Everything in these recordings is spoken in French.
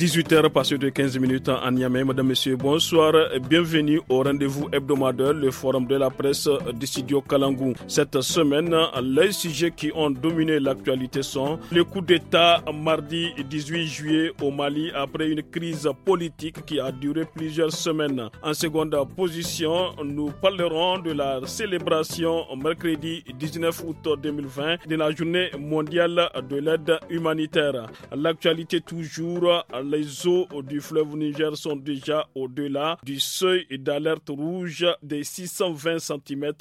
18h passé de 15 minutes à Niamey. Madame, Messieurs, bonsoir. et Bienvenue au rendez-vous hebdomadaire, le forum de la presse du studio Kalangou. Cette semaine, les sujets qui ont dominé l'actualité sont le coup d'État mardi 18 juillet au Mali après une crise politique qui a duré plusieurs semaines. En seconde position, nous parlerons de la célébration mercredi 19 août 2020 de la journée mondiale de l'aide humanitaire. L'actualité toujours les eaux du fleuve Niger sont déjà au-delà du seuil d'alerte rouge des 620 cm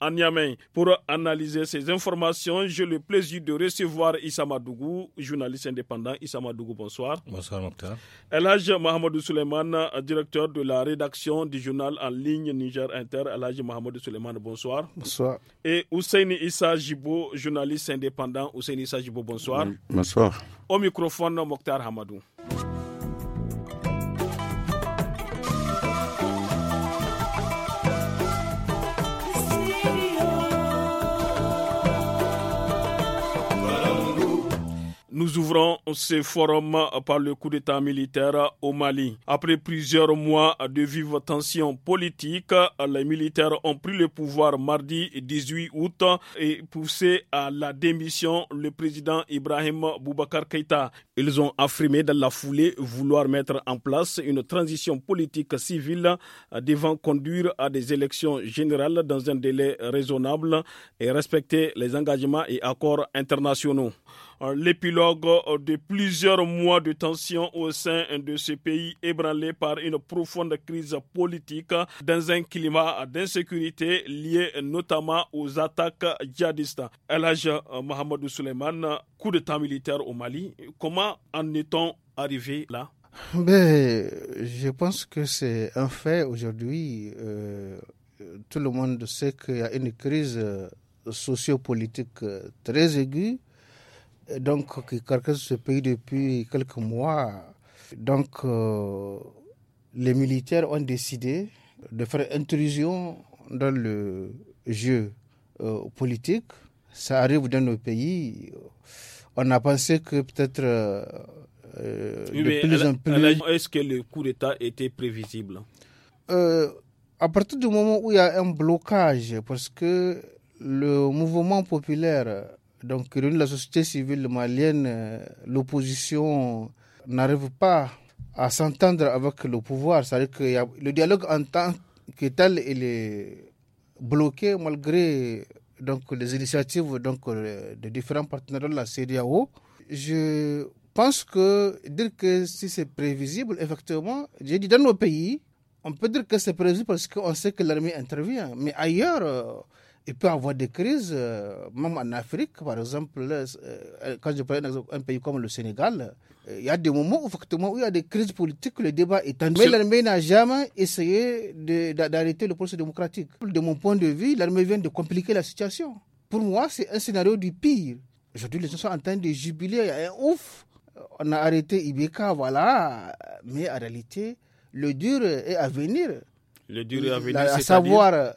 à Niamey. Pour analyser ces informations, j'ai le plaisir de recevoir Issa Madougou, journaliste indépendant. Issa Madougou, bonsoir. Bonsoir, Mokhtar. Elhaj Mohamedou Suleiman, directeur de la rédaction du journal en ligne Niger Inter. Elhaj Mohamedou Suleiman, bonsoir. Bonsoir. Et Ousseini Issa Jibo, journaliste indépendant. Ousseini Issa Jibo, bonsoir. Bonsoir. Au microphone, Mokhtar Hamadou. Nous ouvrons ce forum par le coup d'État militaire au Mali. Après plusieurs mois de vives tensions politiques, les militaires ont pris le pouvoir mardi 18 août et poussé à la démission le président Ibrahim Boubacar Keïta. Ils ont affirmé dans la foulée vouloir mettre en place une transition politique civile devant conduire à des élections générales dans un délai raisonnable et respecter les engagements et accords internationaux. Euh, l'épilogue euh, de plusieurs mois de tension au sein de ce pays ébranlé par une profonde crise politique dans un climat d'insécurité lié notamment aux attaques djihadistes. Elhaj euh, Mohamed Suleiman, coup de temps militaire au Mali, comment en est-on arrivé là ben, je pense que c'est un fait aujourd'hui. tout le monde sait qu'il y a une crise sociopolitique très aiguë donc, qui carcasse ce pays depuis quelques mois. Donc, euh, les militaires ont décidé de faire intrusion dans le jeu euh, politique. Ça arrive dans nos pays. On a pensé que peut-être euh, Est-ce que le coup d'État était prévisible À partir du moment où il y a un blocage, parce que le mouvement populaire donc la société civile malienne, euh, l'opposition n'arrive pas à s'entendre avec le pouvoir. C'est-à-dire que le dialogue en tant que tel, est bloqué malgré donc, les initiatives donc, euh, de différents partenaires de la CDAO. Je pense que dire que si c'est prévisible, effectivement, j'ai dit dans nos pays, on peut dire que c'est prévisible parce qu'on sait que l'armée intervient. Mais ailleurs, euh, il peut y avoir des crises, euh, même en Afrique, par exemple, euh, euh, quand je parle d'un pays comme le Sénégal, il y a des moments où, effectivement, où il y a des crises politiques, le débat est tendu. Mais l'armée n'a jamais essayé d'arrêter le processus démocratique. De mon point de vue, l'armée vient de compliquer la situation. Pour moi, c'est un scénario du pire. Aujourd'hui, les gens sont en train de jubiler, il y a un ouf. On a arrêté Ibeka, voilà. Mais en réalité, le dur est à venir. Le dur est à venir. cest à savoir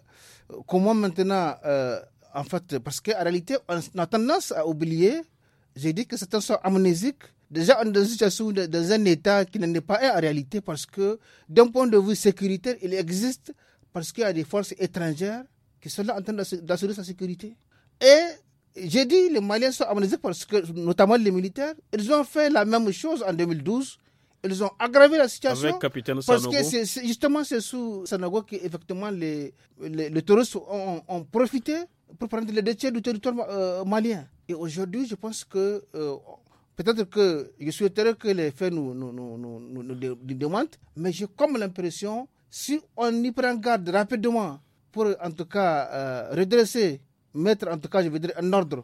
comment maintenant, euh, en fait, parce qu'en réalité, on a tendance à oublier, j'ai dit que certains sont amnésiques. Déjà, on dans une situation, dans un état qui n'en est pas un en réalité, parce que d'un point de vue sécuritaire, il existe parce qu'il y a des forces étrangères qui sont là en train d'assurer sa sécurité. Et j'ai dit, les Maliens sont amnésiques parce que, notamment les militaires, ils ont fait la même chose en 2012 ils ont aggravé la situation. capitaine Parce que justement, c'est sous Sanogo que les, les, les touristes ont, ont, profité pour prendre les déchets du territoire euh, malien. Et aujourd'hui, je pense que euh, peut-être que je souhaiterais que les faits nous, nous, nous, nous, nous demandent, mais j'ai comme l'impression, si on y prend garde rapidement pour en tout cas euh, redresser, mettre en tout cas, je veux dire, un ordre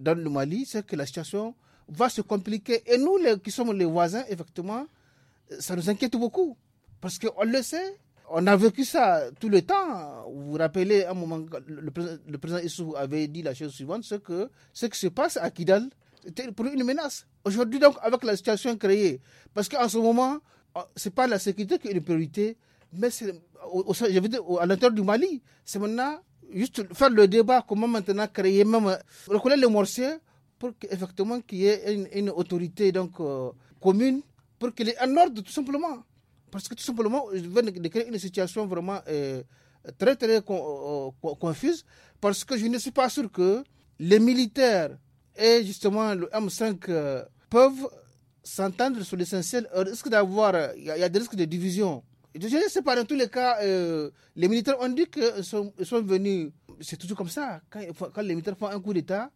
dans le Mali, c'est que la situation va se compliquer. Et nous, les, qui sommes les voisins, effectivement, euh, ça nous inquiète beaucoup. Parce qu'on le sait, on a vécu ça tout le temps. Vous vous rappelez, à un moment, le, président, Issou avait dit la chose suivante, c'est que ce qui se passe à Kidal, c'était pour une menace. Aujourd'hui, donc, avec la situation créée, parce qu'en ce moment, euh, ce n'est pas la sécurité qui est une priorité, mais c'est à l'intérieur du Mali. C'est maintenant juste faire le débat, comment maintenant créer, même euh, reconnaître les mortiers pour qu'effectivement qu'il y ait une, autorité donc, euh, commune pour qu'il y ait un ordre tout simplement. Parce que tout simplement, je viens de créer une situation vraiment euh, très très euh, confuse parce que je ne suis pas sûr que les militaires et justement le M5 peuvent s'entendre sur l'essentiel. Il risque d'avoir, il y, a des risques de division. Je ne sais pas, dans tous les cas, les militaires ont dit qu'ils sont, venus. C'est toujours comme ça. Quand, quand les militaires font un coup d'État,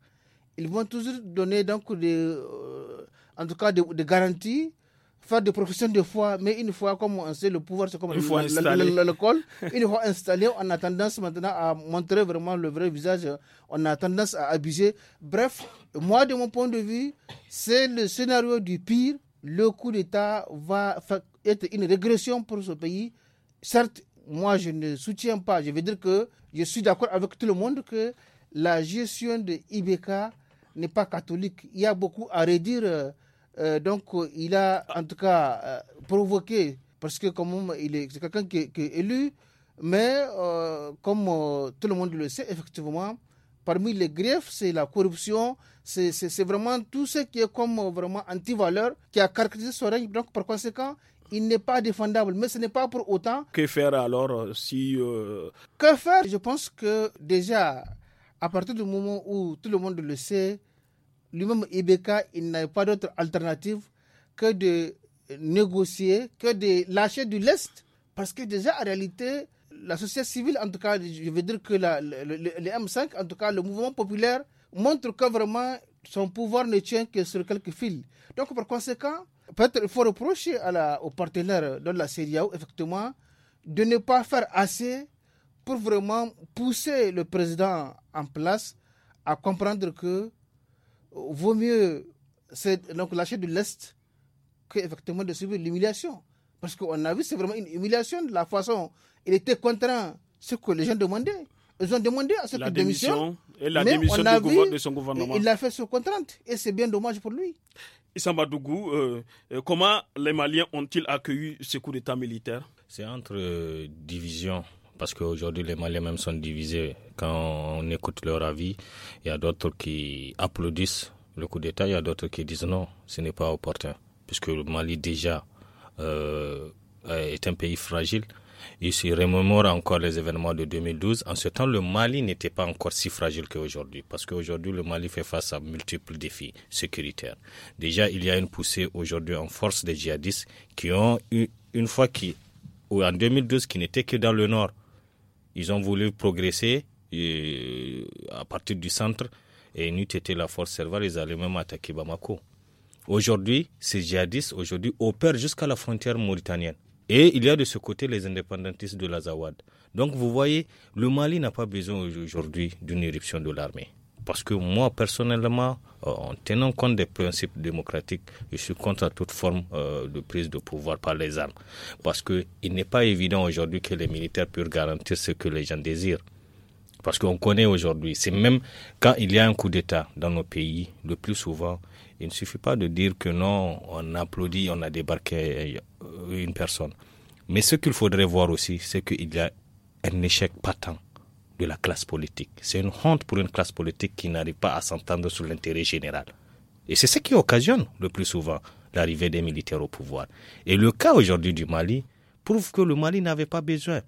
ils vont toujours donner donc des, euh, en tout cas des, garanties, faire des professions de foi, mais une fois, comme on sait, le pouvoir c'est comme l'école, une fois installé, on a tendance maintenant à montrer vraiment le vrai visage, on a tendance à abuser. Bref, moi de mon point de vue, c'est le scénario du pire, le coup d'État va être une régression pour ce pays. Certes, moi je ne soutiens pas, je veux dire que je suis d'accord avec tout le monde que la gestion de IBK n'est pas catholique. Il y a beaucoup à redire. Euh, euh, donc, il a en tout cas euh, provoqué, parce que comme il est, quelqu'un qui, est élu, mais comme tout le monde le sait, effectivement, parmi les griefs, c'est la corruption, c'est vraiment tout ce qui est comme vraiment anti-valeur qui a caractérisé son règne. Donc, par conséquent, il n'est pas défendable, mais ce n'est pas pour autant. Que faire alors si. Que faire Je pense que déjà à partir du moment où tout le monde le sait, lui-même Ibeka, il n'a pas d'autre alternative que de négocier, que de lâcher du lest. Parce que déjà, en réalité, la société civile, en tout cas, je veux dire que la, le, M5, en tout cas, le mouvement populaire, montre que vraiment son pouvoir ne tient que sur quelques fils. Donc, par conséquent, peut-être il faut reprocher à la, aux partenaires de la CEDEAO, effectivement, de ne pas faire assez pour vraiment pousser le président en place à comprendre que vaut mieux donc lâcher de l'Est qu'effectivement de suivre l'humiliation. Parce qu'on a vu, c'est vraiment une humiliation de la façon. Il était contraint ce que les gens demandaient. Ils ont demandé à ce la démission. Et la démission de son gouvernement. Il l'a fait sous contrainte. Et c'est bien dommage pour lui. Isambadougou, euh, euh, comment les Maliens ont-ils accueilli ce coup d'État militaire C'est entre divisions parce qu'aujourd'hui les Maliens même sont divisés. Quand on écoute leur avis, il y a d'autres qui applaudissent le coup d'État, il y a d'autres qui disent non, ce n'est pas opportun, puisque le Mali déjà euh, est un pays fragile. Il se remémore encore les événements de 2012. En ce temps, le Mali n'était pas encore si fragile qu'aujourd'hui, parce qu'aujourd'hui, le Mali fait face à multiples défis sécuritaires. Déjà, il y a une poussée aujourd'hui en force des djihadistes qui ont eu, une fois qui, ou en 2012, qui n'étaient que dans le nord, ils ont voulu progresser euh, à partir du centre et n'eût été la force servale, ils allaient même attaquer Bamako. Aujourd'hui, ces djihadistes aujourd'hui opèrent jusqu'à la frontière mauritanienne. Et il y a de ce côté les indépendantistes de l'Azawad. Donc vous voyez, le Mali n'a pas besoin aujourd'hui d'une éruption de l'armée. Parce que moi, personnellement, euh, en tenant compte des principes démocratiques, je suis contre toute forme euh, de prise de pouvoir par les armes. Parce qu'il n'est pas évident aujourd'hui que les militaires puissent garantir ce que les gens désirent. Parce qu'on connaît aujourd'hui, c'est même quand il y a un coup d'État dans nos pays, le plus souvent, il ne suffit pas de dire que non, on applaudit, on a débarqué euh, une personne. Mais ce qu'il faudrait voir aussi, c'est qu'il y a un échec patent de la classe politique. C'est une honte pour une classe politique qui n'arrive pas à s'entendre sur l'intérêt général. Et c'est ce qui occasionne le plus souvent l'arrivée des militaires au pouvoir. Et le cas aujourd'hui du Mali prouve que le Mali n'avait pas besoin.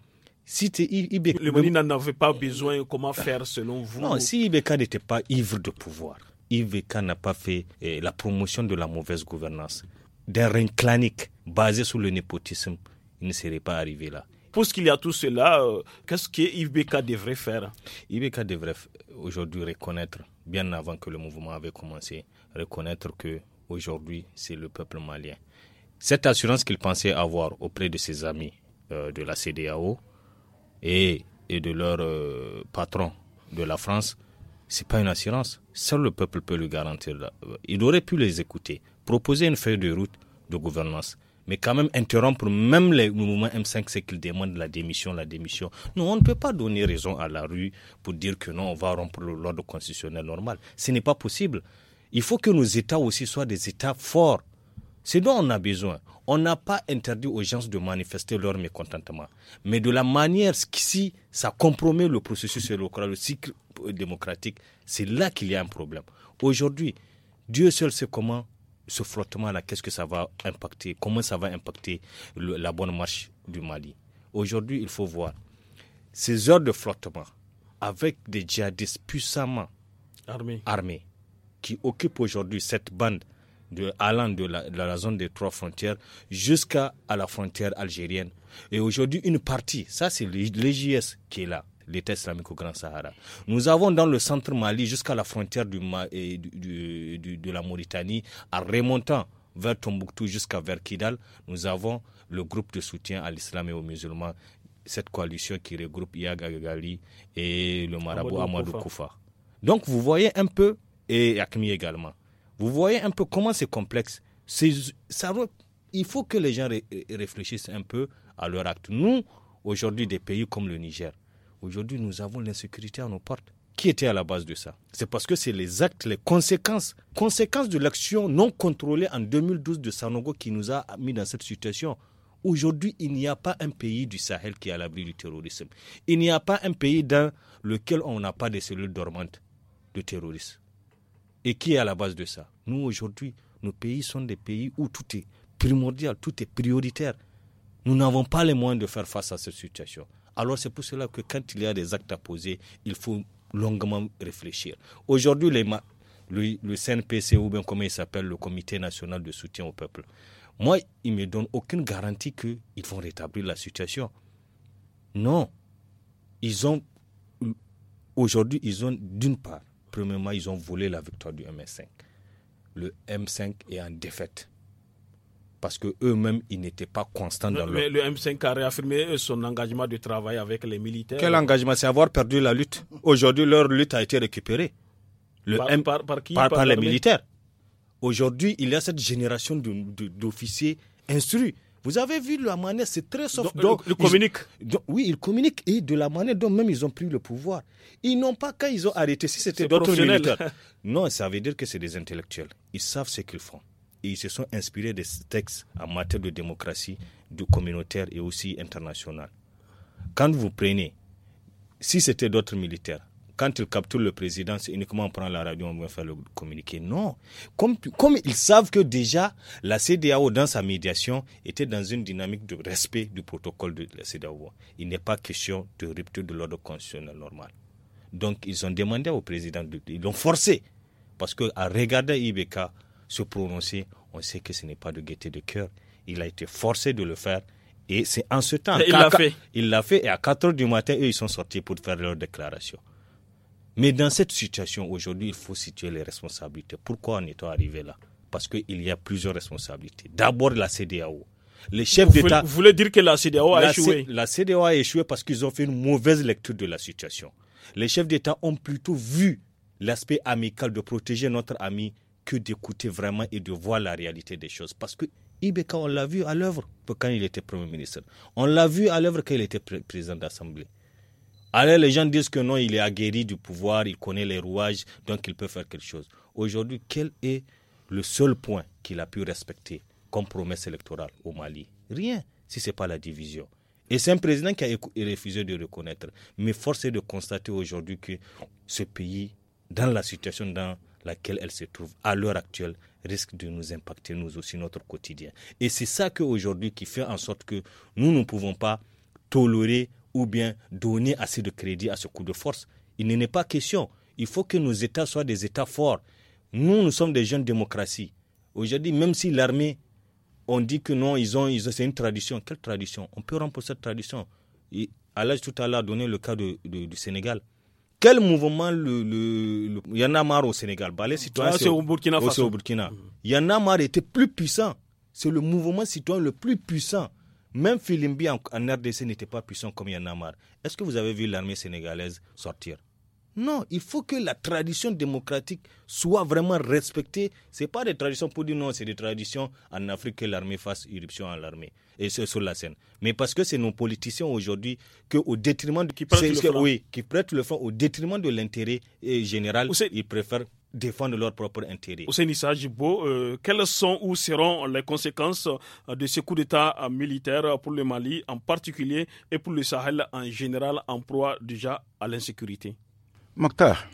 Si le Mali n'en avait pas besoin, comment faire selon vous Non, si Ibeka n'était pas ivre de pouvoir, Ibeka n'a pas fait eh, la promotion de la mauvaise gouvernance, d'un règne clanique basé sur le népotisme, il ne serait pas arrivé là qu'il y a tout cela, euh, qu'est-ce que devrait faire Ibeka devrait aujourd'hui reconnaître, bien avant que le mouvement avait commencé, reconnaître que aujourd'hui c'est le peuple malien. Cette assurance qu'il pensait avoir auprès de ses amis euh, de la CDAO et, de leur euh, patron de la France, c'est pas une assurance. Seul le peuple peut le garantir. Il aurait pu les écouter, proposer une feuille de route de gouvernance mais quand même interrompre même le mouvement M5, c'est qu'il demande, la démission, la démission. Non, on ne peut pas donner raison à la rue pour dire que non, on va rompre l'ordre constitutionnel normal. Ce n'est pas possible. Il faut que nos États aussi soient des États forts. C'est dont on a besoin. On n'a pas interdit aux gens de manifester leur mécontentement. Mais de la manière si ça compromet le processus électoral, le cycle démocratique, c'est là qu'il y a un problème. Aujourd'hui, Dieu seul sait comment ce flottement là qu'est-ce que ça va impacter Comment ça va impacter la bonne marche du Mali Aujourd'hui, il faut voir ces heures de flottement avec des djihadistes puissamment armés, qui occupent aujourd'hui cette bande de, allant de la, zone des trois frontières jusqu'à la frontière algérienne. Et aujourd'hui, une partie, ça c'est l'EJS qui est là, l'État islamique au Grand Sahara. Nous avons dans le centre Mali jusqu'à la frontière du, de la Mauritanie, en remontant vers Tombouctou jusqu'à vers Kidal, nous avons le groupe de soutien à l'islam et aux musulmans, cette coalition qui regroupe Yagagali et le marabout Amadou Koufa. Donc vous voyez un peu, et Yakmi également, vous voyez un peu comment c'est complexe. Ça, il faut que les gens réfléchissent un peu à leur acte. Nous, aujourd'hui, des pays comme le Niger, Aujourd'hui, nous avons l'insécurité à nos portes. Qui était à la base de ça C'est parce que c'est les actes, les conséquences, conséquences de l'action non contrôlée en 2012 de Sanogo qui nous a mis dans cette situation. Aujourd'hui, il n'y a pas un pays du Sahel qui est à l'abri du terrorisme. Il n'y a pas un pays dans lequel on n'a pas de cellules dormantes de terroristes. Et qui est à la base de ça Nous, aujourd'hui, nos pays sont des pays où tout est primordial, tout est prioritaire. Nous n'avons pas les moyens de faire face à cette situation. Alors c'est pour cela que quand il y a des actes à poser, il faut longuement réfléchir. Aujourd'hui, le, le CNPC ou bien comment il s'appelle, le Comité national de soutien au peuple, moi, il ne me donne aucune garantie qu'ils vont rétablir la situation. Non. Ils ont, aujourd'hui, ils ont, d'une part, premièrement, ils ont volé la victoire du M5. Le M5 est en défaite parce que eux-mêmes ils n'étaient pas constants dans dans mais le M5 a réaffirmé son engagement de travail avec les militaires. Quel engagement C'est avoir perdu la lutte. Aujourd'hui, leur lutte a été récupérée. Le par, qui, par, les militaires. Aujourd'hui, il y a cette génération d'officiers instruits. Vous avez vu la manière, c'est très soft. Donc, donc euh, ils communiquent. oui, ils communiquent et de la manière dont même ils ont pris le pouvoir. Ils n'ont pas quand ils ont arrêté, si c'était d'autres militaires. Non, ça veut dire que c'est des intellectuels. Ils savent ce qu'ils font ils se sont inspirés de textes en matière de démocratie, du communautaire et aussi international. Quand vous prenez, si c'était d'autres militaires, quand ils capturent le président, c'est uniquement on prend la radio, on va faire le communiqué. Non. Comme, comme ils savent que déjà, la CDAO, dans sa médiation, était dans une dynamique de respect du protocole de la CDAO. Il n'est pas question de rupture de l'ordre constitutionnel normal. Donc, ils ont demandé au président, de, ils l'ont forcé. Parce qu'à regarder IBK, se prononcer, on sait que ce n'est pas de gaieté de cœur. Il a été forcé de le faire. Et c'est en ce temps. qu'il il l'a fait. Il l'a fait. Et à 4 heures du matin, eux, ils sont sortis pour faire leur déclaration. Mais dans cette situation, aujourd'hui, il faut situer les responsabilités. Pourquoi en est-on arrivé là Parce qu'il y a plusieurs responsabilités. D'abord, la CDAO. Les chefs d'État. Vous voulez dire que la CDAO a échoué La CDAO a échoué parce qu'ils ont fait une mauvaise lecture de la situation. Les chefs d'État ont plutôt vu l'aspect amical de protéger notre ami que d'écouter vraiment et de voir la réalité des choses. Parce que Ibeka, on l'a vu à l'œuvre quand il était Premier ministre. On l'a vu à l'œuvre quand il était président d'Assemblée. Alors les gens disent que non, il est aguerri du pouvoir, il connaît les rouages, donc il peut faire quelque chose. Aujourd'hui, quel est le seul point qu'il a pu respecter comme promesse électorale au Mali Rien, si ce n'est pas la division. Et c'est un président qui a refusé de reconnaître. Mais force est de constater aujourd'hui que ce pays, dans la situation dans laquelle elle se trouve à l'heure actuelle risque de nous impacter nous aussi notre quotidien. Et c'est ça qu'aujourd'hui qui fait en sorte que nous ne pouvons pas tolérer ou bien donner assez de crédit à ce coup de force. Il n'est pas question. Il faut que nos États soient des États forts. Nous, nous sommes des jeunes démocraties. Aujourd'hui, même si l'armée, on dit que non, ils ont, ils ont c'est une tradition. Quelle tradition On peut rompre cette tradition. Et à l'âge tout à l'heure, donné le cas du Sénégal. Quel mouvement le, le, au Sénégal bah, Les citoyens, c'est au, Burkina Faso. Au mm. était plus puissant. C'est le mouvement citoyen le plus puissant. Même Filimbi en, RDC n'était pas puissant comme Y Est-ce que vous avez vu l'armée sénégalaise sortir non, il faut que la tradition démocratique soit vraiment respectée. Ce n'est pas des traditions pour dire non, c'est des traditions en Afrique que l'armée fasse irruption à l'armée et sur la scène. Mais parce que c'est nos politiciens aujourd'hui qui prêtent le front. qui le front au détriment de l'intérêt eh, général, ils préfèrent défendre leur propre intérêt. Euh, quelles sont ou seront les conséquences euh, de ce coup d'État euh, militaire pour le Mali en particulier et pour le Sahel en général en proie déjà à l'insécurité Mokhtar,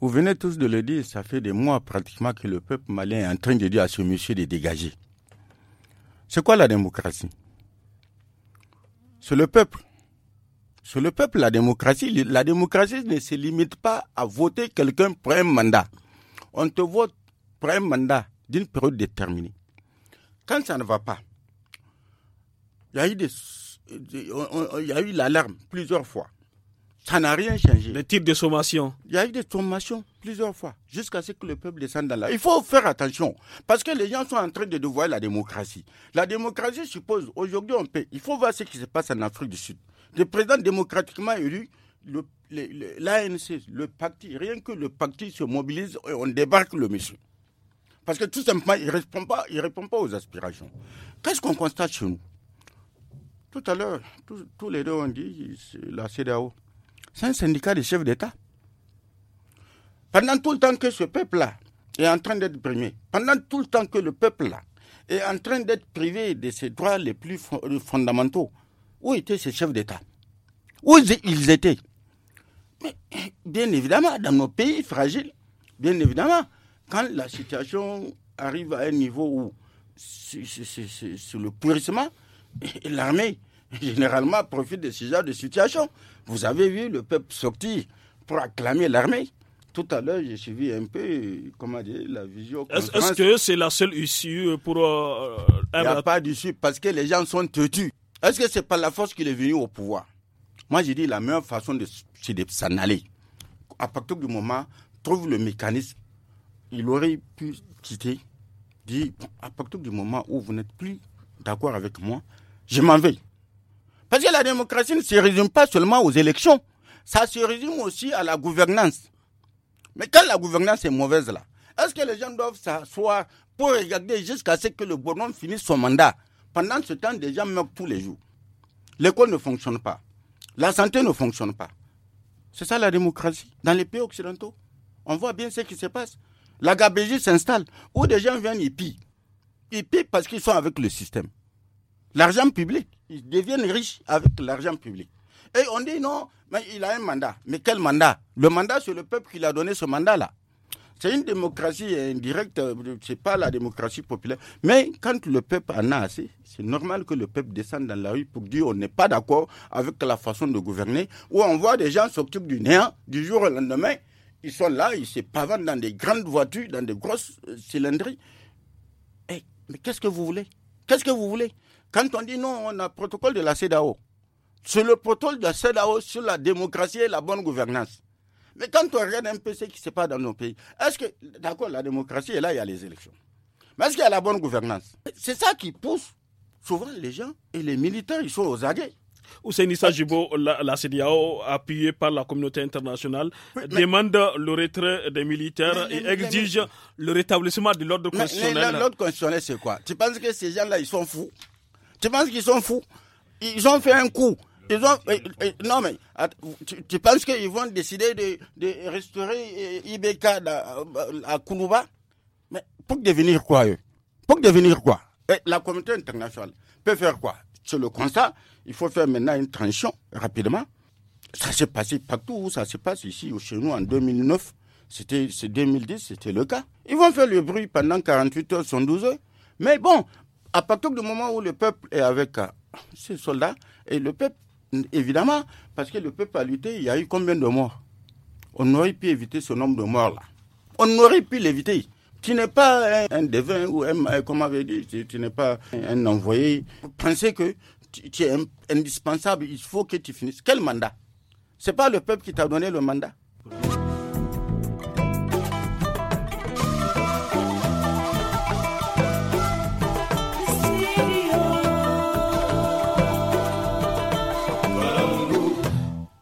vous venez tous de le dire, ça fait des mois pratiquement que le peuple malien est en train de dire à ce monsieur de dégager. C'est quoi la démocratie C'est le peuple. C'est le peuple, la démocratie. La démocratie ne se limite pas à voter quelqu'un pour un mandat. On te vote pour un mandat d'une période déterminée. Quand ça ne va pas, il y a eu, il y a eu l'alarme plusieurs fois. Ça n'a rien changé. Le type de sommation. Il y a eu des sommations plusieurs fois, jusqu'à ce que le peuple descende dans la. Il faut faire attention, parce que les gens sont en train de devoir la démocratie. La démocratie suppose, aujourd'hui, on paie. Il faut voir ce qui se passe en Afrique du Sud. Le président démocratiquement élu, l'ANC, le, parti, rien que le parti se mobilise et on débarque le monsieur. Parce que tout simplement, il ne répond, pas, aux aspirations. Qu'est-ce qu'on constate chez nous Tout à l'heure, tous les deux ont dit la CDAO. C'est un syndicat de chefs d'État. Pendant tout le temps que ce peuple-là est en train d'être primé, pendant tout le temps que le peuple-là est en train d'être privé de ses droits les plus euh, fondamentaux, où étaient ces chefs d'État Où ils étaient Mais bien évidemment, dans nos pays fragiles, bien évidemment, quand la situation arrive à un niveau où, sur le pourrissement, l'armée généralement profite de ce genre de situation. Vous avez vu le peuple sortir pour acclamer l'armée. Tout à l'heure, j'ai suivi un peu, comment dire, la vision. Est-ce que c'est la seule issue pour... Euh, Il n'y a pas d'issue parce que les gens sont têtus. Est-ce que c'est par la force qu'il est venu au pouvoir Moi, j'ai dit la meilleure façon, de, c'est de s'en aller. À partir du moment, trouve le mécanisme. Il aurait pu quitter, dire, à partir du moment où vous n'êtes plus d'accord avec moi, je m'en vais. Parce que la démocratie ne se résume pas seulement aux élections, ça se résume aussi à la gouvernance. Mais quand la gouvernance est mauvaise là, est-ce que les gens doivent s'asseoir pour regarder jusqu'à ce que le bonhomme finisse son mandat Pendant ce temps, des gens meurent tous les jours. L'école ne fonctionne pas. La santé ne fonctionne pas. C'est ça la démocratie. Dans les pays occidentaux, on voit bien ce qui se passe. La gabégie s'installe où des gens viennent, ils pillent. Ils pillent parce qu'ils sont avec le système. L'argent public ils deviennent riches avec l'argent public. Et on dit non, mais il a un mandat. Mais quel mandat Le mandat, c'est le peuple qui l'a donné ce mandat-là. C'est une démocratie indirecte, c'est pas la démocratie populaire. Mais quand le peuple en a assez, c'est normal que le peuple descende dans la rue pour dire on n'est pas d'accord avec la façon de gouverner, ou on voit des gens s'occupent du néant du jour au lendemain. Ils sont là, ils se pavent dans des grandes voitures, dans des grosses euh, cylindries. Hey, mais qu'est-ce que vous voulez Qu'est-ce que vous voulez quand on dit non, on a le protocole de la CEDAO. C'est le protocole de la CEDAO sur la démocratie et la bonne gouvernance. Mais quand on regarde un peu ce qui se passe dans nos pays, est-ce que, d'accord, la démocratie et là, il y a les élections. Mais est-ce qu'il y a la bonne gouvernance C'est ça qui pousse souvent les gens et les militaires, ils sont aux aguets. Où Jibo, la, la CDAO, appuyée par la communauté internationale, demande le retrait des militaires et exige le rétablissement de l'ordre constitutionnel. L'ordre constitutionnel, c'est quoi Tu penses que ces gens-là, ils sont fous tu penses qu'ils sont fous Ils ont fait un coup. Ils ont, eh, eh, non, mais tu, penses qu'ils vont décider de, de restaurer eh, IBK euh, à, à Mais pour devenir quoi, eux Pour devenir quoi La communauté internationale peut faire quoi C'est le constat. Il faut faire maintenant une transition rapidement. Ça s'est passé partout où ça se passe, ici ou chez nous en 2009. C'était 2010, c'était le cas. Ils vont faire le bruit pendant 48 heures, 112 heures. Mais bon, à partir du moment où le peuple est avec ses euh, soldats, et le peuple, évidemment, parce que le peuple a lutté, il y a eu combien de morts On aurait pu éviter ce nombre de morts-là. On aurait pu l'éviter. Tu n'es pas un, devin ou un, euh, comme avait dit, tu, n'es pas un, envoyé. Pensez que tu, es indispensable, il faut que tu finisses. Quel mandat C'est pas le peuple qui t'a donné le mandat.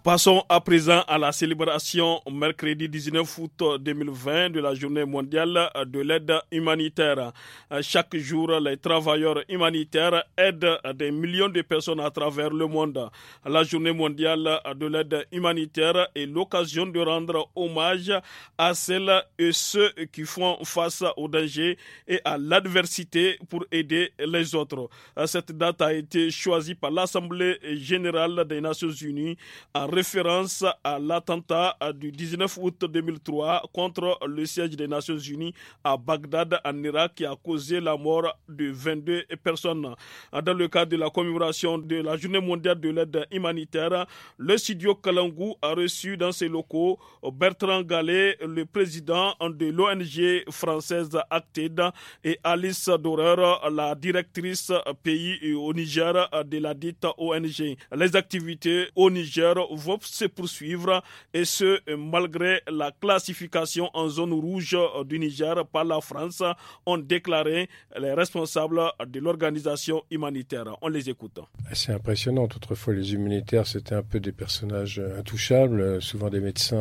Passons à présent à la célébration mercredi 19 août 2020 de la journée mondiale de l'aide humanitaire. Euh, chaque jour, les travailleurs humanitaires aident des millions de personnes à travers le monde. La journée mondiale de l'aide humanitaire est l'occasion de rendre hommage à celles et ceux qui font face au danger et à l'adversité pour aider les autres. Euh, cette date a été choisie par l'Assemblée générale des Nations Unies en référence à l'attentat euh, du 19 août 2003 contre le siège des Nations Unies à Bagdad, en Irak, qui a causé la mort de 22 personnes. Dans le cadre de la commémoration de la Journée mondiale de l'aide humanitaire, le studio Kalangou a reçu dans ses locaux Bertrand Gallet, le président de l'ONG française Acted, et Alice Dorer, la directrice pays au Niger de la dite ONG. Les activités au Niger vont se poursuivre et ce, malgré la classification en zone rouge euh, du Niger par la France, ont déclaré les responsables de l'organisation humanitaire. On les écoute. C'est impressionnant. Autrefois, les humanitaires, c'était un peu des personnages euh, intouchables, euh, souvent des médecins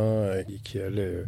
qui allaient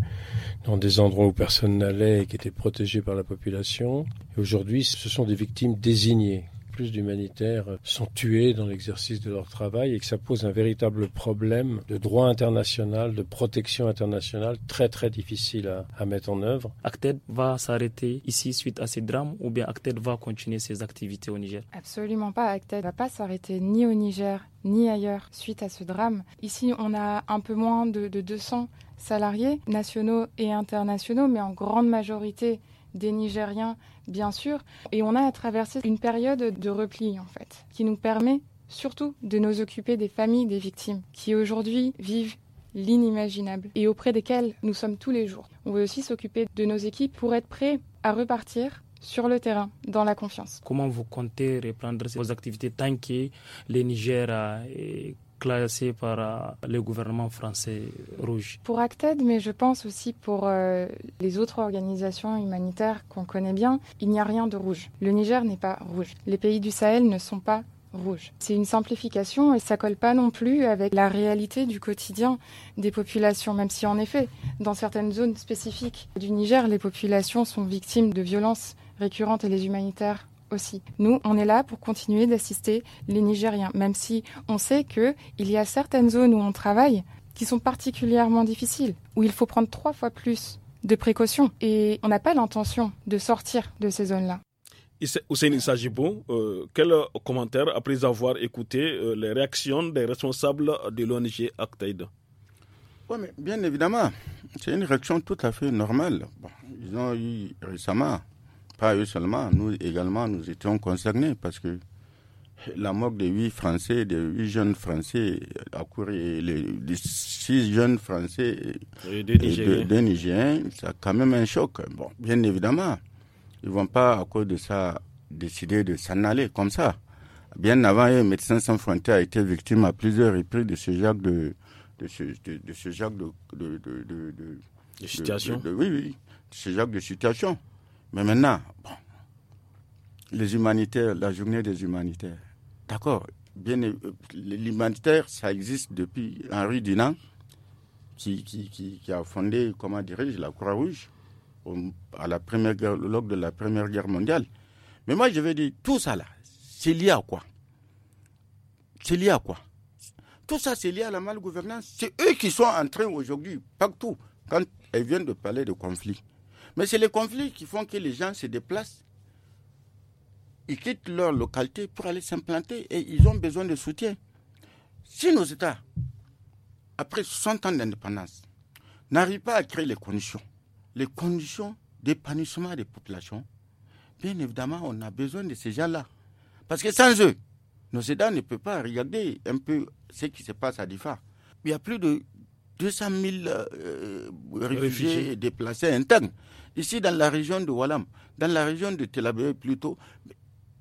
dans des endroits où personne n'allait et qui étaient protégés par la population. Aujourd'hui, ce sont des victimes désignées plus d'humanitaires sont tués dans l'exercice de leur travail et que ça pose un véritable problème de droit international, de protection internationale très très difficile à, mettre en œuvre. Acted va s'arrêter ici suite à ces drames ou bien Acted va continuer ses activités au Niger Absolument pas. Acted va pas s'arrêter ni au Niger ni ailleurs suite à ce drame. Ici, on a un peu moins de 200 salariés nationaux et internationaux, mais en grande majorité des Nigériens, bien sûr. Et on a traversé une période de repli, en fait, qui nous permet surtout de nous occuper des familles des victimes, qui aujourd'hui vivent l'inimaginable et auprès desquelles nous sommes tous les jours. On veut aussi s'occuper de nos équipes pour être prêts à repartir sur le terrain, dans la confiance. Comment vous comptez reprendre vos activités tant que le Niger euh, classé par euh, le gouvernement français rouge. Pour Acted, mais je pense aussi pour euh, les autres organisations humanitaires qu'on connaît bien, il n'y a rien de rouge. Le Niger n'est pas rouge. Les pays du Sahel ne sont pas rouges. C'est une simplification et ça colle pas non plus avec la réalité du quotidien des populations, même si en effet, dans certaines zones spécifiques du Niger, les populations sont victimes de violences récurrentes et les humanitaires aussi. Nous, on est là pour continuer d'assister les Nigériens, même si on sait qu'il y a certaines zones où on travaille qui sont particulièrement difficiles, où il faut prendre trois fois plus de précautions et on n'a pas l'intention de sortir de ces zones-là. Hussein Sajibo, euh, quel commentaire après avoir écouté euh, les réactions des responsables de l'ONG Actaid oui, mais bien évidemment, c'est une réaction tout à fait normale. ils ont eu récemment pas eux seulement, nous également, nous étions concernés parce que la mort de huit Français, de huit jeunes Français à courir, de six jeunes Français et deux De, ça quand même un choc. Bon, bien évidemment, ils vont pas à cause de ça décider de s'en aller comme ça. Bien avant, un Médecins sans frontières a été victime à plusieurs reprises de ce genre de de ce, de situation. oui, oui, ce genre de situation. Mais maintenant, les humanitaires, la journée des humanitaires, d'accord, bien euh, l'humanitaire, ça existe depuis Henri Dunant, qui, qui, a fondé, comment dirais-je, la Croix-Rouge à la première guerre, lors de la Première Guerre mondiale. Mais moi, je veux dire, tout ça là, c'est lié à quoi C'est lié à quoi Tout ça, c'est lié à la malgouvernance. C'est eux qui sont en train aujourd'hui, partout, quand ils viennent de parler de conflit. Mais c'est les conflits qui font que les gens se déplacent. Ils quittent leur localité pour aller s'implanter et ils ont besoin de soutien. Si nos États, après 60 ans d'indépendance, n'arrivent pas à créer les conditions, les conditions d'épanouissement des populations, bien évidemment, on a besoin de ces gens-là. Parce que sans eux, nos États ne peuvent pas regarder un peu ce qui se passe à Difa. Il y a plus de 200 000 euh, euh, réfugiés, réfugiés, déplacés internes. Ici, dans la région de Walam, dans la région de Tel plutôt,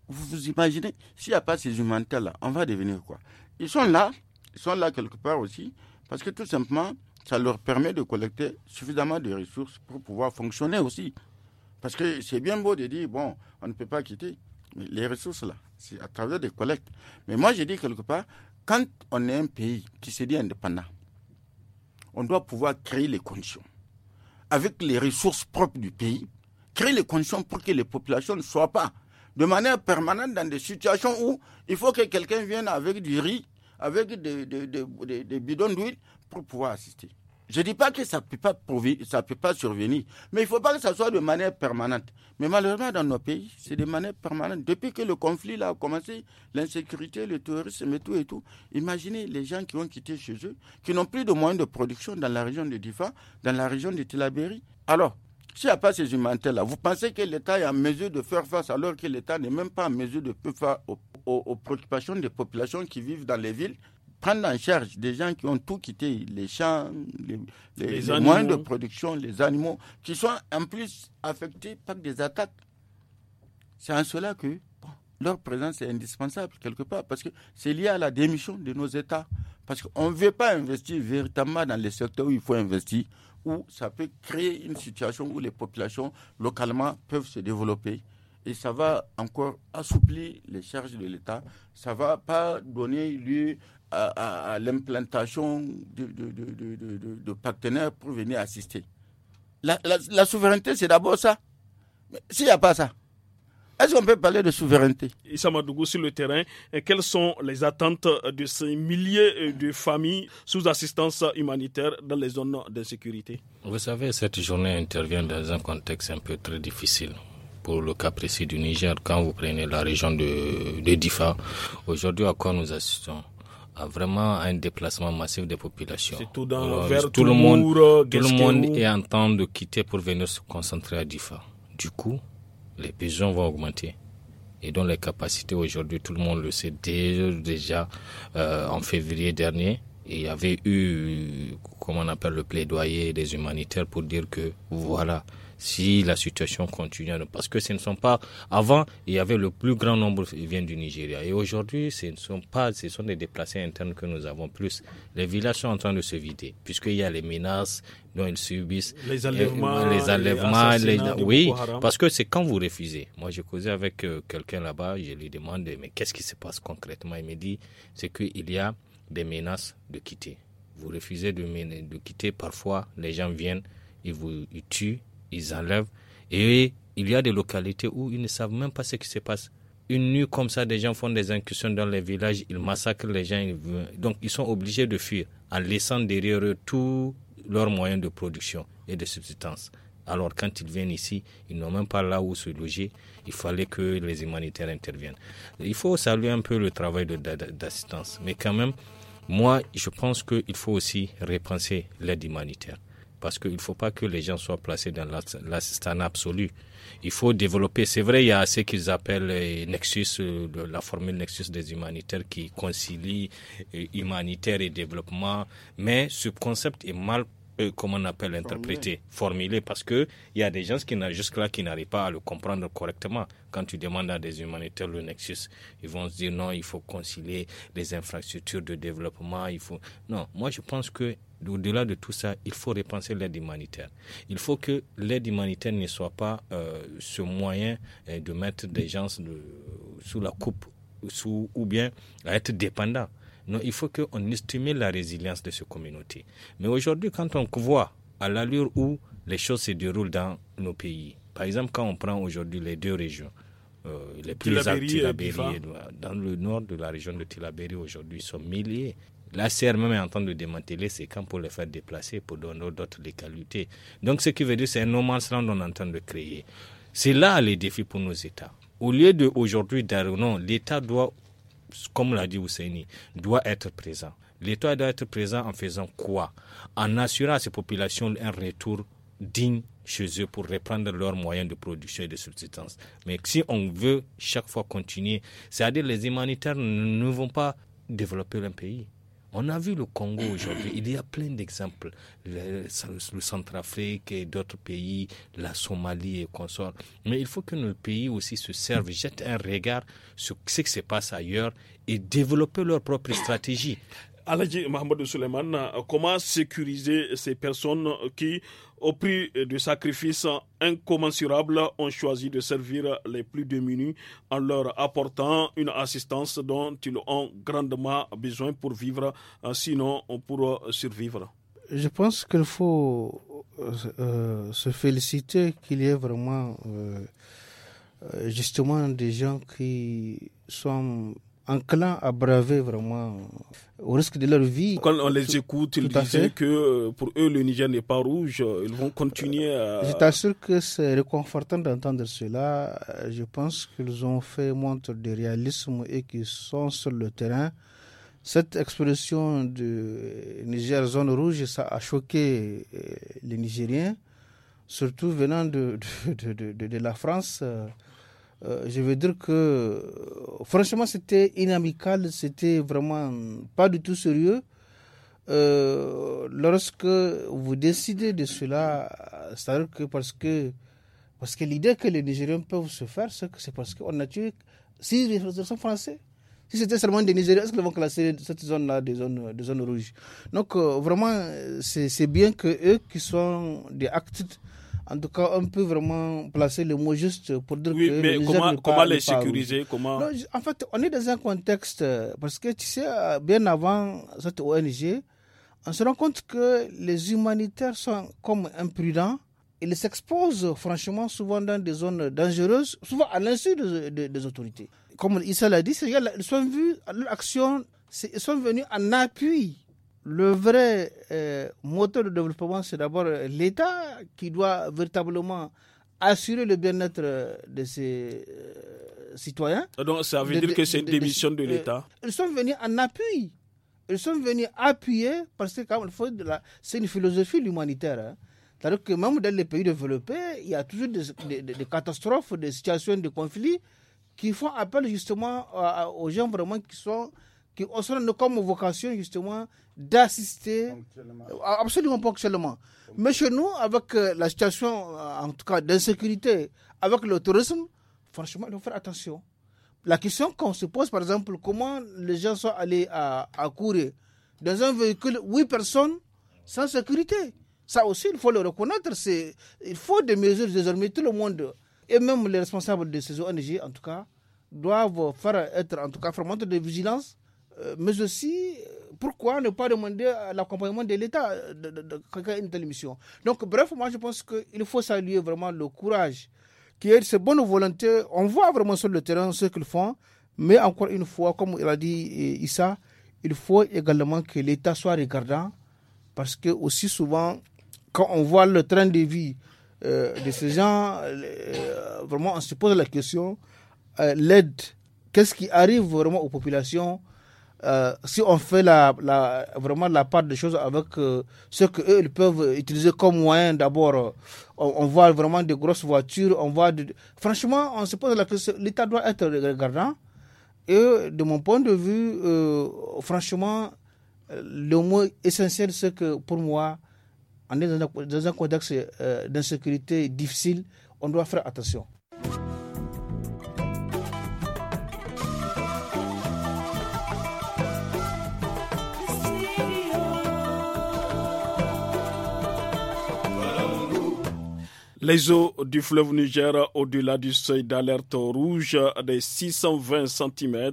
vous vous imaginez, s'il n'y a pas ces humanitaires-là, on va devenir quoi Ils sont là, ils sont là quelque part aussi, parce que tout simplement, ça leur permet de collecter suffisamment de ressources pour pouvoir fonctionner aussi. Parce que c'est bien beau de dire, bon, on ne peut pas quitter, les ressources là, c'est à travers des collectes. Mais moi, j'ai dit quelque part, quand on est un pays qui se dit indépendant, on doit pouvoir créer les conditions avec les ressources propres du pays, créer les conditions pour que les populations ne soient pas de manière permanente dans des situations où il faut que quelqu'un vienne avec du riz, avec des, des bidons d'huile pour pouvoir assister. Je ne dis pas que ça ne peut, pas ça peut pas survenir, mais il ne faut pas que ça soit de manière permanente. Mais malheureusement, dans nos pays, c'est de manière permanente. Depuis que le conflit là, a commencé, l'insécurité, le terrorisme et tout et tout, imaginez les gens qui ont quitté chez eux, qui n'ont plus de moyens de production dans la région de Difa, dans la région de Tilabéry. Alors, s'il n'y a pas ces humanitaires-là, vous pensez que l'État est en mesure de faire face alors que l'État n'est même pas en mesure de faire face aux préoccupations des populations qui vivent dans les villes prendre en charge des gens qui ont tout quitté, les champs, les, moyens de production, les animaux, qui sont en plus affectés par des attaques. C'est en cela que leur présence est indispensable quelque part, parce que c'est lié à la démission de nos États. Parce qu'on ne veut pas investir véritablement dans les secteurs où il faut investir, où ça peut créer une situation où les populations localement peuvent se développer et ça va encore assouplir les charges de l'État. Ça va pas donner lieu à, l'implantation de, partenaires pour venir assister. La, souveraineté, c'est d'abord ça. S'il n'y a pas ça, est-ce qu'on peut parler de souveraineté Issa sur le terrain, euh, quelles sont les attentes euh, de ces milliers euh, de familles sous assistance humanitaire dans les zones d'insécurité Vous savez, cette journée intervient dans un contexte un peu très difficile. Pour le cas précis du Niger, quand vous prenez la région de Difa, aujourd'hui à quoi nous assistons à vraiment un déplacement massif des populations. Tout, dans tout, le monde, euh, tout le monde est en train de quitter pour venir se concentrer à Difa. Du coup, les besoins vont augmenter. Et dont les capacités aujourd'hui, tout le monde le sait déjà, euh, en février dernier, il y avait eu, comment on appelle le plaidoyer des humanitaires pour dire que voilà, si la situation continue. Parce que ce ne sont pas, avant, il y avait le plus grand nombre qui vient du Nigeria. Et aujourd'hui, ce ne sont pas, ce sont des déplacés internes que nous avons plus. Les villages sont en train de se vider, puisqu'il y a les menaces dont ils subissent. Les euh, enlèvements. Les enlèvements. oui, parce que c'est quand vous refusez. Moi, j'ai causé avec euh, quelqu'un là-bas, je lui demande, mais qu'est-ce qui se passe concrètement? Il me dit, c'est qu'il y a des menaces de quitter. Vous refusez de, de quitter, parfois les gens viennent, ils vous tuent, ils enlèvent. Et il y a des localités où ils ne savent même pas ce qui se passe. Une nuit comme ça, des gens font des incursions dans les villages, ils massacrent les gens. Donc ils sont obligés de fuir en laissant derrière eux tous leurs moyens de production et de subsistance. Alors quand ils viennent ici, ils n'ont même pas là où se loger. Il fallait que les humanitaires interviennent. Il faut saluer un peu le travail d'assistance. Mais quand même, moi, je pense qu'il faut aussi repenser l'aide humanitaire parce qu'il ne faut pas que les gens soient placés dans l'assistanat absolu. Il faut développer, c'est vrai, il y a ce qu'ils appellent Nexus, euh, la formule Nexus des humanitaires qui concilie euh, humanitaire et développement, mais ce concept est mal euh, comment on appelle, interpréter, formuler, parce qu'il y a des gens qui jusque-là qui n'arrivent pas à le comprendre correctement. Quand tu demandes à des humanitaires le nexus, ils vont se dire non, il faut concilier les infrastructures de développement, il faut... Non, moi je pense que au-delà de tout ça, il faut repenser l'aide humanitaire. Il faut que l'aide humanitaire ne soit pas euh, ce moyen euh, de mettre des gens sous la coupe sous, ou bien à être dépendants. Non, il faut qu'on estime la résilience de ces communautés. Mais aujourd'hui, quand on voit à l'allure où les choses se déroulent dans nos pays, par exemple, quand on prend aujourd'hui les deux régions, euh, les plus actives, dans le nord de la région de Tilabéry aujourd'hui, sont milliers. La CRM est en train de démanteler ces camps pour les faire déplacer pour donner d'autres localités. Donc, ce qui veut dire, c'est un normal qu'on est en train de créer. C'est là les défis pour nos États. Au lieu d'aujourd'hui, non, l'État doit comme l'a dit Ousseini, doit être présent. L'État doit être présent en faisant quoi En assurant à ces populations un retour digne chez eux pour reprendre leurs moyens de production et de subsistance. Mais si on veut chaque fois continuer, c'est-à-dire les humanitaires ne vont pas développer un pays. On a vu le Congo aujourd'hui. Il y a plein d'exemples. Le, Centrafrique et d'autres pays, la Somalie et consorts. Mais il faut que nos pays aussi se servent, jettent un regard sur ce qui se passe ailleurs et développent leur propre stratégie. Aladji Mohamed Suleiman, euh, comment sécuriser ces personnes qui, au prix de sacrifices incommensurables, ont choisi de servir les plus démunis en leur apportant une assistance dont ils ont grandement besoin pour vivre, euh, sinon on pourra euh, survivre Je pense qu'il faut se féliciter qu'il y ait vraiment justement des gens qui sont enclins à braver vraiment euh, au risque de leur vie. Quand on les écoute, ils disent que euh, pour eux, le Niger n'est pas rouge, euh, ils vont continuer à... Je t'assure que c'est réconfortant d'entendre cela. Je pense qu'ils ont fait montre de réalisme et qu'ils sont sur le terrain. Cette expression de Niger zone rouge, ça a choqué les Nigériens, surtout venant de, de, de la France. Euh, je veux dire que euh, franchement c'était inamical, c'était vraiment pas du tout sérieux. Euh, lorsque vous décidez de cela, c'est-à-dire que parce que parce que l'idée que les Nigériens peuvent se faire, c'est que c'est parce qu'on a tué six ressortissants français. Si c'était seulement des Nigériens, est-ce qu'ils vont classer cette zone-là des zones, des rouges Donc vraiment, c'est bien que eux qui sont des actes en tout cas, on peut vraiment placer le mot juste pour dire que. mais comment, les sécuriser comment... en fait, on est dans un contexte. Euh, parce que tu sais, euh, bien avant cette ONG, on se rend compte que les humanitaires sont comme imprudents. Ils s'exposent franchement souvent dans des zones dangereuses, souvent à l'insu des autorités. Comme Issa l'a dit, sont vus, ils sont venus en appui le vrai euh, moteur de développement, c'est d'abord euh, l'État qui doit véritablement assurer le bien-être euh, de ses citoyens. Ah, donc ça veut dire que c'est une démission de, l'État. ils sont venus en appui. Ils sont venus appuyer parce que quand faut c'est une philosophie humanitaire. Hein. C'est-à-dire que même dans les pays développés, il y a toujours des, catastrophes, des situations de conflits qui font appel justement aux gens vraiment qui sont qui ont comme vocation justement d'assister absolument ponctuellement. Mais chez nous, avec euh, la situation, euh, en tout cas, d'insécurité, avec le tourisme, franchement, il faut faire attention. La question qu'on se pose, par exemple, comment les gens sont allés à, à courir dans un véhicule, huit personnes, sans sécurité. Ça aussi, il faut le reconnaître. Il faut des mesures désormais. Tout le monde, et même les responsables de ces ONG, en tout cas, doivent faire, être, en tout cas, faire montre de vigilance euh, mais aussi euh, pourquoi ne pas demander l'accompagnement de l'État euh, de, de, une telle mission Donc, bref, moi je pense qu'il faut saluer vraiment le courage qui est ces bonnes volontés. On voit vraiment sur le terrain ce qu'ils font, mais encore une fois, comme il a dit eh, Issa, il faut également que l'État soit regardant parce que aussi souvent, quand on voit le train de vie de ces gens, vraiment on se pose la question l'aide, qu'est-ce qui arrive vraiment aux populations euh, si on fait la, vraiment la part des choses avec euh, ce qu'ils ils peuvent utiliser comme moyen, d'abord, euh, on, voit vraiment des grosses voitures, on voit. Franchement, on se pose la question, l'État doit être regardant. Et de mon point de vue, franchement, le mot essentiel, c'est que pour moi, on est dans un contexte d'insécurité difficile, on doit faire attention. Les eaux du fleuve Niger au-delà du seuil d'alerte rouge de 620 cm,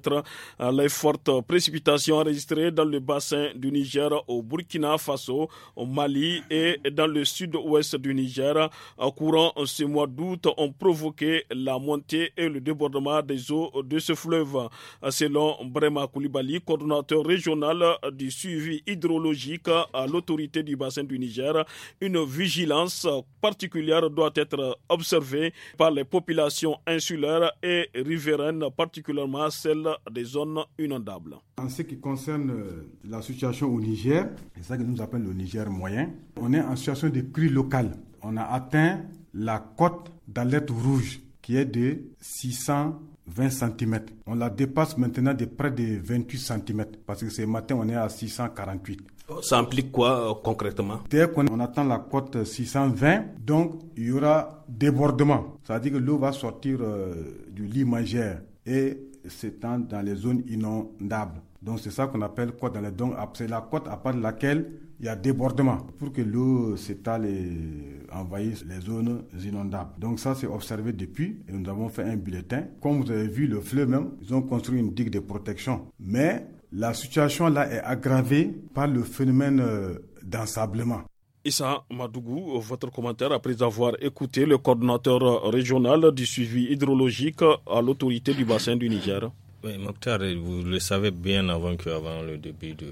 les fortes précipitations enregistrées dans le bassin du Niger au Burkina Faso, au Mali et dans le sud-ouest du Niger courant ce mois d'août ont provoqué la montée et le débordement des eaux de ce fleuve. Selon Brema Koulibaly, coordonnateur régional du suivi hydrologique à l'autorité du bassin du Niger, une vigilance particulière être observé par les populations insulaires et riveraines, particulièrement celles des zones inondables. En ce qui concerne euh, la situation au Niger, c'est ça que nous appelons le Niger moyen, on est en situation de crise locale. On a atteint la cote d'alerte rouge qui est de 620 cm. On la dépasse maintenant de près de 28 cm parce que ce matin on est à 648. Ça implique quoi euh, concrètement Dès qu'on attend la cote 620, donc il y aura débordement. Ça veut dire que l'eau va sortir euh, du lit majeur et s'étendre dans les zones inondables. Donc c'est ça qu'on appelle cote dans les dons. Ah, c'est la cote à part de laquelle il y a débordement pour que l'eau s'étale et envahisse les zones inondables. Donc ça, c'est observé depuis et nous avons fait un bulletin. Comme vous avez vu, le fleuve même, ils ont construit une digue de protection. Mais la situation là est aggravée par le phénomène euh, d'ensablement. Issa Madougou, votre commentaire après avoir écouté le coordinateur euh, régional du suivi hydrologique à l'autorité du bassin du Niger. Oui, Mokhtar, vous le savez bien avant avant le début de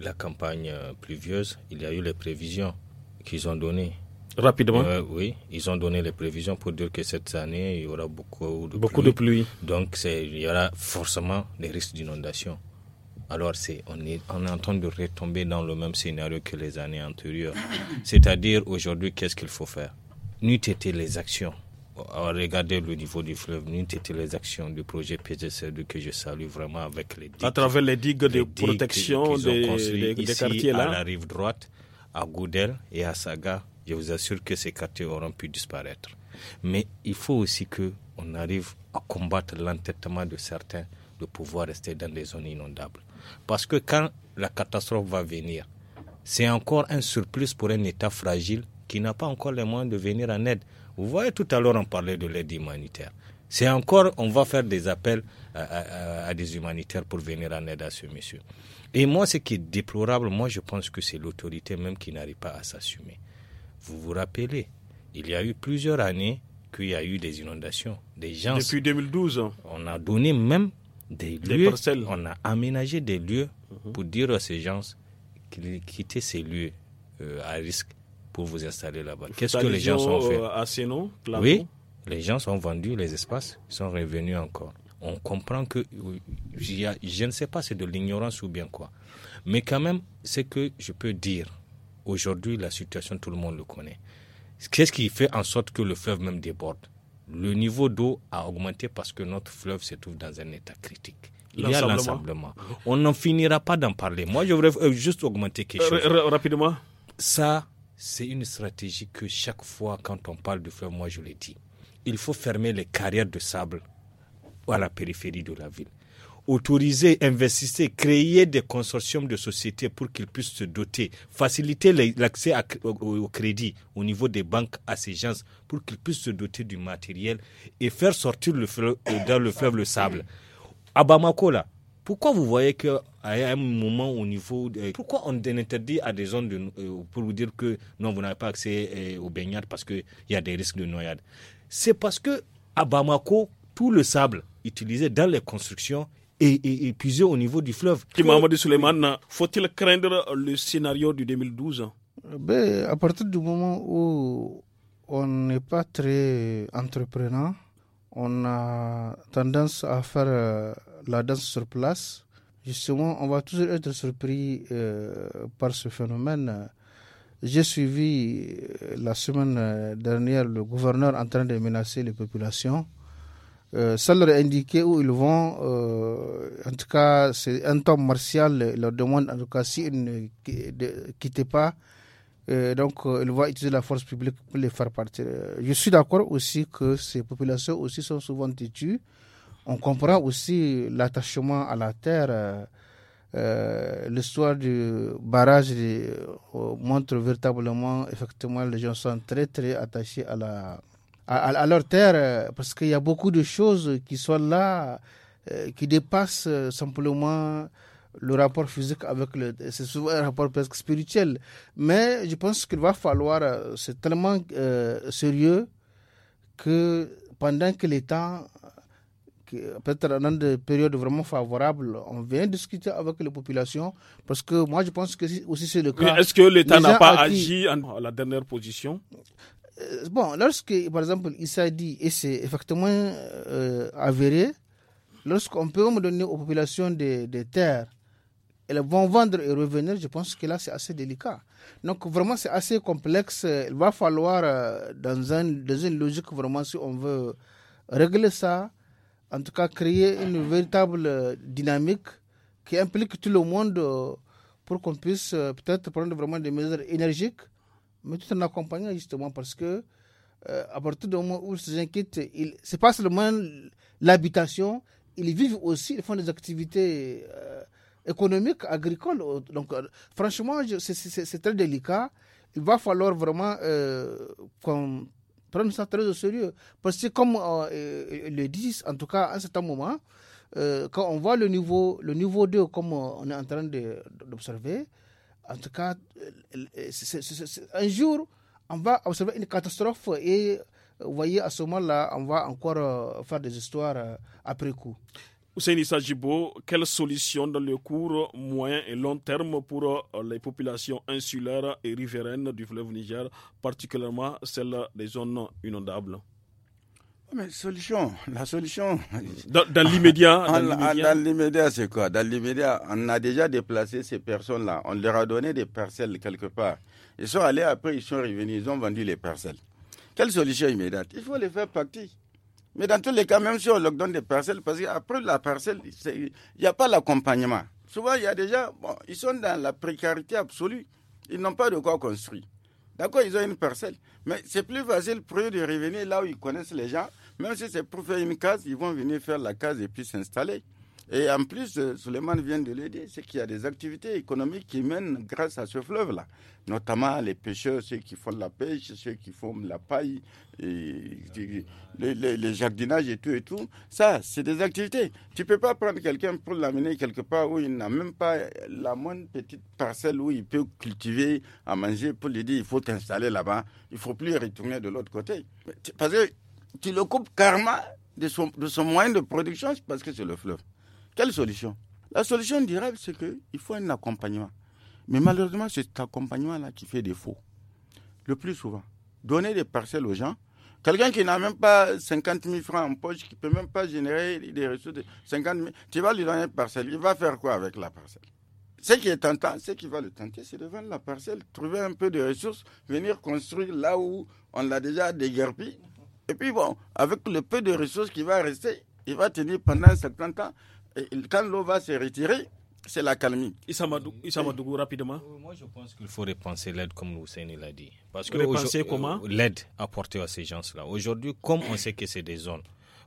la campagne pluvieuse, il y a eu les prévisions qu'ils ont données. Rapidement. Euh, oui, ils ont donné les prévisions pour dire que cette année, il y aura beaucoup de beaucoup pluie. De pluie. Donc, il y aura forcément des risques d'inondation. Alors, c'est on, est, on en train de retomber dans le même scénario que les années antérieures. C'est-à-dire, aujourd'hui, qu'est-ce qu'il faut faire Nuter les actions. Oh, regardez le niveau du fleuve, Nuit les actions du projet pgc que je salue vraiment avec les digues. À travers les digues de protection des, des, des, quartiers là. À la rive droite, à Goudel et à Saga, je vous assure que ces quartiers auront pu disparaître. Mais il faut aussi que on arrive à combattre l'entêtement de certains de pouvoir rester dans des zones inondables. Parce que quand la catastrophe va venir, c'est encore un surplus pour un État fragile qui n'a pas encore les moyens de venir en aide. Vous voyez, tout à l'heure, on parlait de l'aide humanitaire. C'est encore, on va faire des appels à, à, des humanitaires pour venir en aide à ce monsieur. Et moi, ce qui est déplorable, moi, je pense que c'est l'autorité même qui n'arrive pas à s'assumer. Vous vous rappelez, il y a eu plusieurs années qu'il y a eu des inondations. Des gens. Depuis 2012. Hein. On a donné même des, lieux. Parcelles. On a aménagé des lieux mhm. pour dire à ces gens qu'ils quittaient ces lieux euh, à risque pour vous installer là-bas. Qu'est-ce que les gens ont fait euh, Oui, les gens sont vendu les espaces, ils sont revenus encore. On comprend que euh, je ne sais pas, c'est de l'ignorance ou bien quoi. Mais quand même, ce que je peux dire, Aujourd'hui, la situation, tout le monde le connaît. Qu'est-ce qui fait en sorte que le fleuve même déborde Le niveau d'eau a augmenté parce que notre fleuve se trouve dans un état critique. Il y a l'ensemblement. On n'en finira pas d'en parler. Moi, je voudrais euh, juste augmenter quelque euh, chose. Rapidement. Ça, c'est une stratégie que chaque fois, quand on parle du fleuve, moi, je l'ai dit. Il faut fermer les carrières de sable à la périphérie de la ville autoriser, investir, créer des consortiums de sociétés pour qu'ils puissent se doter, faciliter l'accès au, crédit au niveau des banques à ces gens pour qu'ils puissent se doter du matériel et faire sortir le euh, dans le fleuve le sable. À Bamako, là, pourquoi vous voyez à un moment au niveau. Euh, pourquoi on interdit à des zones de, euh, pour vous dire que non, vous n'avez pas accès aux baignades parce qu'il y a des risques de noyade C'est parce que à Bamako, tout le sable utilisé dans les constructions et, épuisé au niveau du fleuve. Mohamed Souleymane, faut-il craindre le scénario du 2012 ben, À partir du moment où on n'est pas très entreprenant, on a tendance à faire euh, la danse sur place. Justement, on va toujours être surpris euh, par ce phénomène. J'ai suivi euh, la semaine dernière le gouverneur en train de menacer les populations euh, ça leur indiquer où ils vont. Euh, en tout cas, c'est un temps martial, leur demande, en tout cas, s'ils ne quittaient pas, euh, donc ils vont utiliser la force publique pour les faire partir. Je suis d'accord aussi que ces populations aussi sont souvent têtues. On comprend aussi l'attachement à la terre. L'histoire du barrage montre véritablement, effectivement, les gens sont très, très attachés à la, à, leur terre, euh, parce qu'il y a beaucoup de choses qui sont là, euh, qui dépassent euh, simplement le rapport physique avec le. C'est souvent un rapport presque spirituel. Mais je pense qu'il va falloir. C'est tellement sérieux que pendant que l'État... Peut-être dans des périodes vraiment favorables, on vient discuter avec les populations parce que moi je pense que aussi c'est le cas. Est-ce que l'État n'a pas agi à la dernière position euh, bon, lorsque, par exemple, il s'est dit, et c'est effectivement euh, avéré, lorsqu'on peut donner aux populations des, terres, elles vont vendre et revenir, je pense que là, c'est assez délicat. Donc, vraiment, c'est assez complexe. Il va falloir, euh, dans, un, dans une logique, vraiment, si on veut régler ça, en tout cas, créer une véritable dynamique qui implique tout le monde pour qu'on puisse peut-être prendre vraiment des mesures énergiques mais tout en accompagnant justement parce que euh, à partir du moment où ils s'inquiètent, ce n'est pas seulement l'habitation, ils vivent aussi, ils font des activités euh, économiques, agricoles. Donc euh, franchement, c'est très délicat. Il va falloir vraiment prendre prenne ça très au sérieux. Parce que comme le disent, en tout cas à un certain moment, quand on voit le niveau, le niveau 2 comme on est en train d'observer, en eh, tout cas, un jour, on va observer une catastrophe et eh, vous voyez, à ce moment-là, on va encore eh, faire des histoires après coup. Hussein Sajibo, quelles solutions dans le court, moyen et long terme pour les populations insulaires et riveraines du fleuve Niger, particulièrement celles des zones inondables mais solution, la solution. Dans, l'immédiat Dans l'immédiat, c'est quoi Dans l'immédiat, on a déjà déplacé ces personnes-là. On leur a donné des parcelles quelque part. Ils sont allés après, ils sont revenus, ils ont vendu les parcelles. Quelle solution immédiate Il faut les faire partir. Mais dans tous les cas, même si on leur donne des parcelles, parce qu'après la parcelle, il n'y a pas l'accompagnement. Souvent, il y a déjà. Bon, ils sont dans la précarité absolue. Ils n'ont pas de quoi construire. D'accord, ils ont une parcelle. Mais c'est plus facile pour eux de revenir là où ils connaissent les gens. Même si c'est pour faire une case, ils vont venir faire la case et puis s'installer. Et en plus, euh, Suleiman vient de le dire, c'est qu'il y a des activités économiques qui mènent grâce à ce fleuve-là. Notamment les pêcheurs, ceux qui font la pêche, ceux qui font la paille, et les, jardinages et tout et tout. Ça, c'est des activités. Tu peux pas prendre quelqu'un pour l'amener quelque part où il n'a même pas la moindre petite parcelle où il peut cultiver, à manger, pour lui dire il faut t'installer là-bas, il faut plus retourner de l'autre côté. Parce que tu le coupes karma de son, de son moyen de production parce que c'est le fleuve. Quelle solution La solution durable, c'est qu'il faut un accompagnement. Mais malheureusement, c'est cet accompagnement-là qui fait défaut. Le plus souvent. Donner des parcelles aux gens. Quelqu'un qui n'a même pas 50 000 francs en poche, qui ne peut même pas générer des ressources de 50 000, tu vas lui donner une parcelle. Il va faire quoi avec la parcelle ce qui est tentant, ce qui va le tenter, c'est de vendre la parcelle, trouver un peu de ressources, venir construire là où on l'a déjà déguerpi. Et puis bon, avec le peu de ressources qui va rester, il va tenir pendant 50 ans quand l'eau va se retirer, c'est la calmie. Isamadougou, rapidement. Euh, moi, je pense qu'il faut repenser l'aide, comme Hussein l'a dit. Parce que repenser comment euh, L'aide apportée à ces gens-là. Aujourd'hui, comme on sait que c'est des zones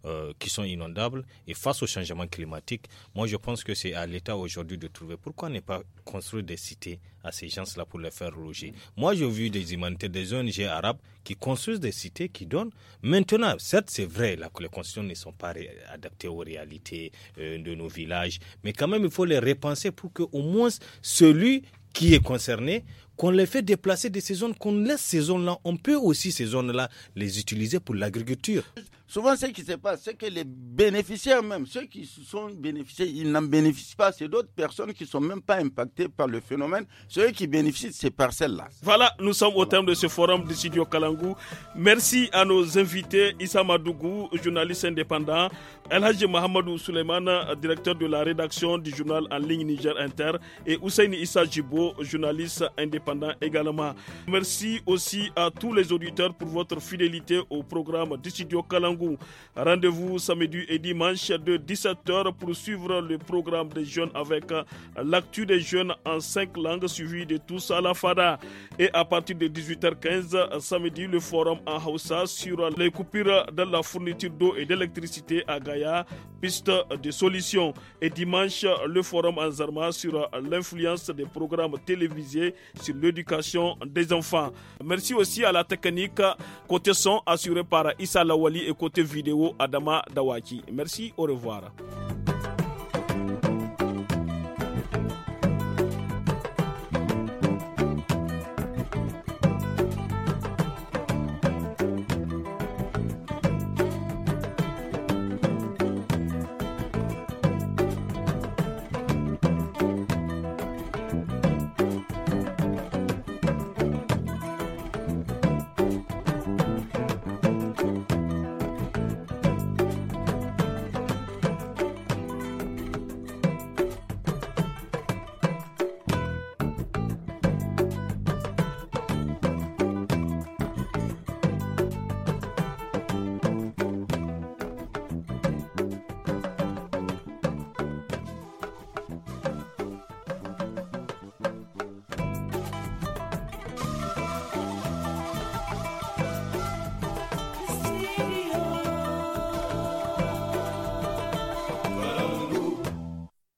euh, qui sont inondables et face au changement climatique, moi je pense que c'est à l'État aujourd'hui de trouver pourquoi n'est pas construire des cités à ces gens-là pour les faire loger. Moi j'ai vu des humanités, des ONG arabes qui construisent des cités qui donnent. Maintenant, certes c'est vrai que les constructions ne sont pas adaptées aux réalités euh, de nos villages, mais quand même il faut les repenser pour que au moins celui qui est concerné qu'on les fait déplacer de ces zones, qu'on laisse ces zones-là. On peut aussi ces zones-là les utiliser pour l'agriculture. Souvent, ce qui se passe, c'est que les bénéficiaires même, ceux qui se sont bénéficiés, ils n'en bénéficient pas. C'est d'autres personnes qui ne sont même pas impactées par le phénomène, ceux qui bénéficient c'est ces parcelles-là. Voilà, nous sommes au terme de ce forum de studio Kalangou. Merci à nos invités, Issa Madougou, journaliste indépendant, Elhaji Mohamedou Souleymana, directeur de la rédaction du journal en ligne Niger Inter, et Hussein Issa Djibo, journaliste indépendant également. Merci aussi à tous les auditeurs pour votre fidélité au programme du studio Kalangou. Rendez-vous samedi et dimanche de 17h pour suivre le programme des jeunes avec euh, l'actu des jeunes en cinq langues suivi de tous à la FADA. Et à partir de 18h15, samedi, le forum en Hausa sur les coupures de la fourniture d'eau et d'électricité à Gaïa, piste de solution. Et dimanche, le forum en Zarma sur euh, l'influence des programmes télévisés l'éducation des enfants. Merci aussi à la technique côté son assuré par Issa Lawali et côté vidéo Adama Dawaki. Merci, au revoir.